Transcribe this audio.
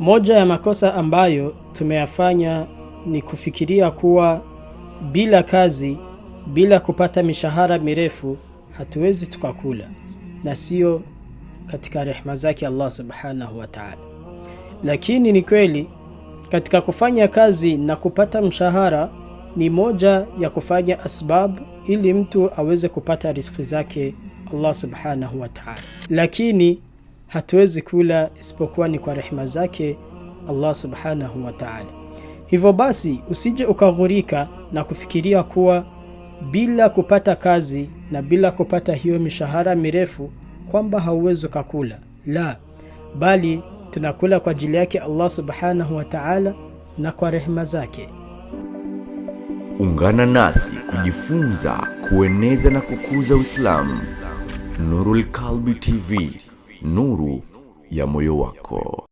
Moja ya makosa ambayo tumeyafanya ni kufikiria kuwa bila kazi, bila kupata mishahara mirefu hatuwezi tukakula, na sio katika rehma zake Allah subhanahu wa ta'ala. Lakini ni kweli katika kufanya kazi na kupata mshahara ni moja ya kufanya asbab ili mtu aweze kupata riziki zake Allah subhanahu wa ta'ala, lakini hatuwezi kula isipokuwa ni kwa rehema zake Allah subhanahu wa ta'ala. Hivyo basi usije ukaghurika na kufikiria kuwa bila kupata kazi na bila kupata hiyo mishahara mirefu kwamba hauwezi ukakula, la, bali tunakula kwa ajili yake Allah subhanahu wa ta'ala na kwa rehema zake. Ungana nasi kujifunza, kueneza na kukuza Uislamu. Nurul Kalbi TV nuru ya moyo wako.